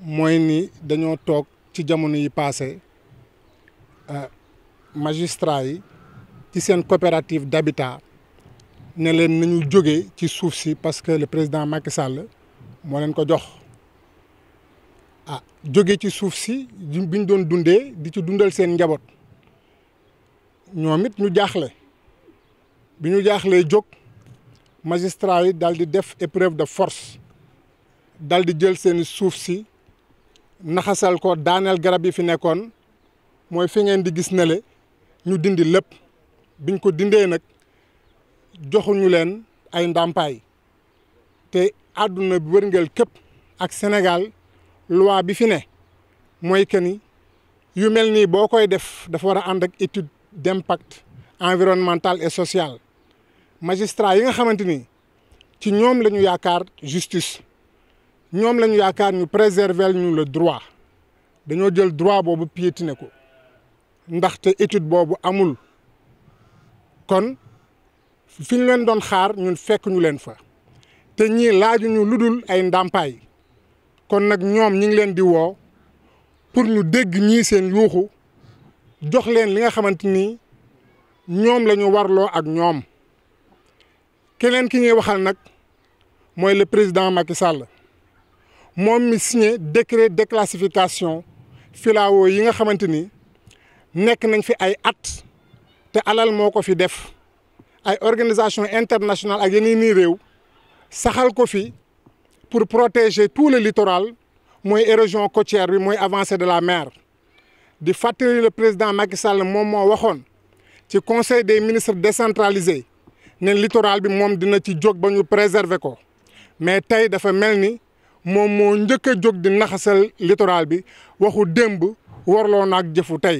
moyni ni dañoo toog ci jamono yi passé euh, magistrat yi ci seen coopérative d'habitat ne leen nañu jóge ci suuf si parce que le président Macky Sall moo leen ko jox ah jóge ci suuf si bi ñu doon dundee di ci dundal seen njaboot ñoom it ñu jaaxle bi ñu jaaxlee jóg magistrat yi daal di def épreuve de force daal di jël seen suuf si naxasal ko daaneel garab yi fi nekkoon mooy fi ngeen di gis na nele ñu dindi lépp biñ ko dindee nag joxuñu leen ay ndàmpaay te àdduna wërngël képp ak Sénégal loi bi fi ne mooy que ni yu mel nii boo koy def dafa war a ànd ak étude d'impact environnemental et sociale magistra yi nga xamante ni ci ñoom la ñu yaakaar justice ñoom lañu yaakaar ñu préserver ñu la droit dañoo jël droit boobu piétiner ko ndaxte étude boobu amul kon fi ñu leen doon xaar ñun fekk ñu leen fa te ñii laajuñu lu dul ay ndàmpaay kon nag ñoom ñi leen di woo pour ñu dégg ñii seen yuuxu jox leen li nga xamante ni ñoom la ñu warloo ak ñoom keneen ki ñuy waxal nag mooy le président Macky Sall. qui mi signé décret déclassification filao yi nga xamante ni nañ fi ay at te alal moo ko fi def ay organisation internationale ak yeneen i réew pour protéger tout le littoral mooy région côtière bi avancée de la mer de fatiguer le président Macky Sall moom moo conseil des ministres décentralisé le littoral bi un dina ci jóg ba préserver mais moom moo njëkk a jóg di naxasal littoral bi waxu démb warloo naag jëfu tey